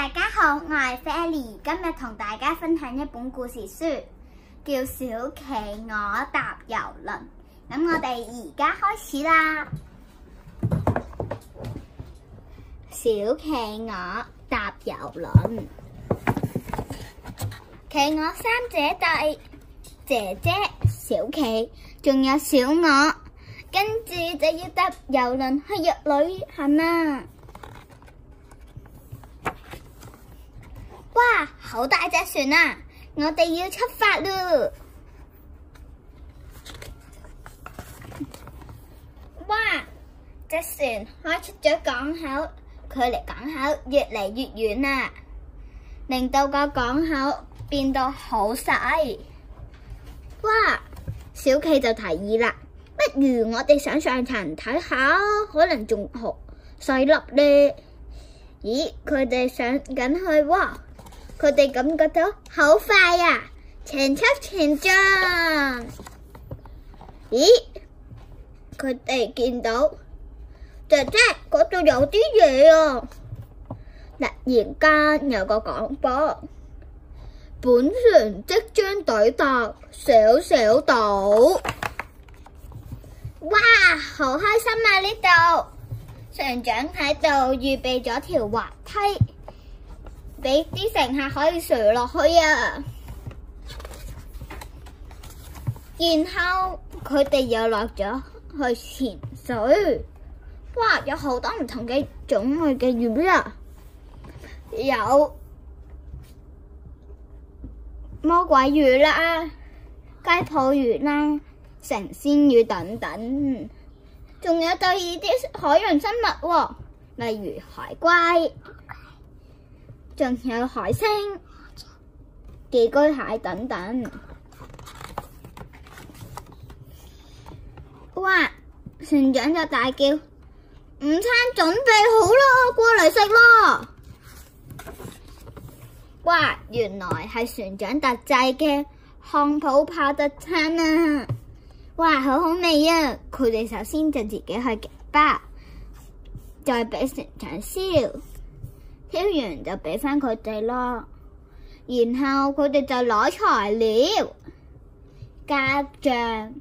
大家好，我係 Fely，今日同大家分享一本故事書，叫《小企鵝搭郵輪》。咁我哋而家開始啦，《小企鵝搭郵輪》。企鵝三姐弟，姐姐小企，仲有小鵝，跟住就要搭郵輪去遊旅行啦。哇，好大隻船啊！我哋要出發咯。哇，隻船開出咗港口，距離港口越嚟越遠啦，令到個港口變到好細。哇，小企就提議啦，不如我哋上上層睇下，可能仲好細粒呢！咦，佢哋上緊去喎！佢哋感覺到好快呀、啊，全速前進，咦？佢哋見到姐姐嗰度有啲嘢啊！突然間有個廣播，本船即將抵達小小島。哇！好開心啊！呢度船長喺度預備咗條滑梯。俾啲乘客可以垂落去啊！然後佢哋又落咗去潛水。哇，有好多唔同嘅種類嘅魚啊，有魔鬼魚啦、雞泡魚啦、神仙魚等等，仲有第二啲海洋生物，例如海龜。仲有海星、寄居蟹等等。哇！船長就大叫：午餐準備好囉，過嚟食囉！哇！原來係船長特製嘅漢堡扒特餐啊！哇，好好味啊！佢哋首先就自己去夾包，再俾船長燒。挑完就畀翻佢哋咯，然後佢哋就攞材料、加醬、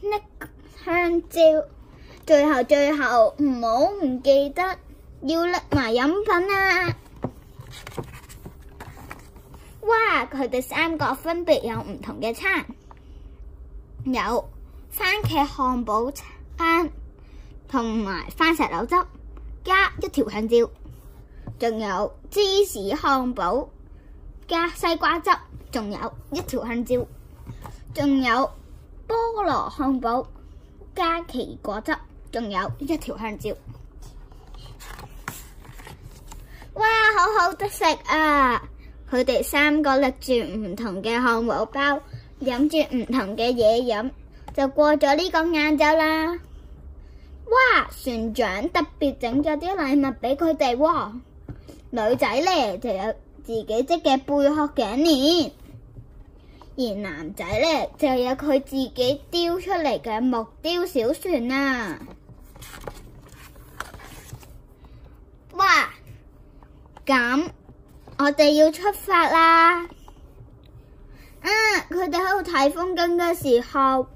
搦香蕉，最後最後唔好唔記得要拎埋飲品啊！哇！佢哋三個分別有唔同嘅餐，有番茄漢堡餐，同埋番石榴汁加一條香蕉。仲有芝士漢堡加西瓜汁，仲有一條香蕉。仲有菠蘿漢堡加奇果汁，仲有一條香蕉。哇，好好得食啊！佢哋三個拎住唔同嘅漢堡包，飲住唔同嘅嘢飲，就過咗呢個晏晝啦。哇！船長特別整咗啲禮物畀佢哋喎。女仔咧就有自己織嘅貝殼頸鏈，而男仔咧就有佢自己雕出嚟嘅木雕小船啊！哇！咁我哋要出發啦！嗯、啊，佢哋喺度睇風景嘅時候，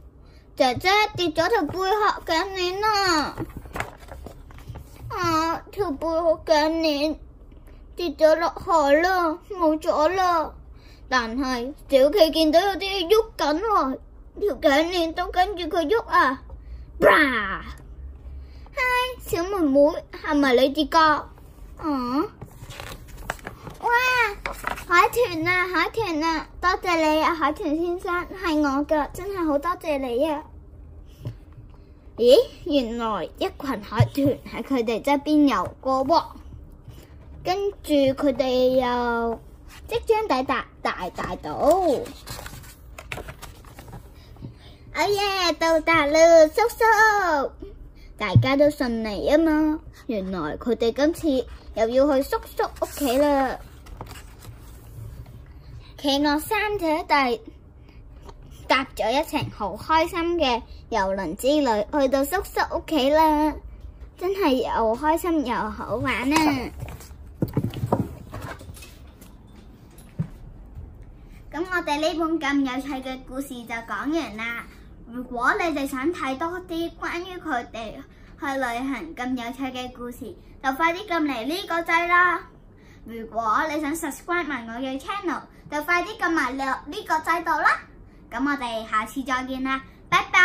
姐姐跌咗條貝殼頸鏈啊！啊，條貝殼頸鏈。跌咗落海啦，冇咗啦！但係小企見到有啲喐緊啊，條頸鏈都跟住佢喐啊！嗱，嗨，小妹妹係咪你跌㗎啊？哇，海豚啊，海豚啊，多謝你啊，海豚先生，係我噶，真係好多謝你啊！咦，原來一群海豚喺佢哋側邊游過喎。跟住佢哋又即將抵達大大島，哎呀，到達了，叔叔，大家都順利啊嘛！原來佢哋今次又要去叔叔屋企啦。企鵝三姐弟搭咗一程好開心嘅郵輪之旅，去到叔叔屋企啦，真係又開心又好玩啊！我哋呢本咁有趣嘅故事就講完啦。如果你哋想睇多啲關於佢哋去旅行咁有趣嘅故事，就快啲撳嚟呢個掣啦。如果你想 subscribe 埋我嘅 channel，就快啲撳埋呢個掣度啦。咁我哋下次再見啦，拜拜。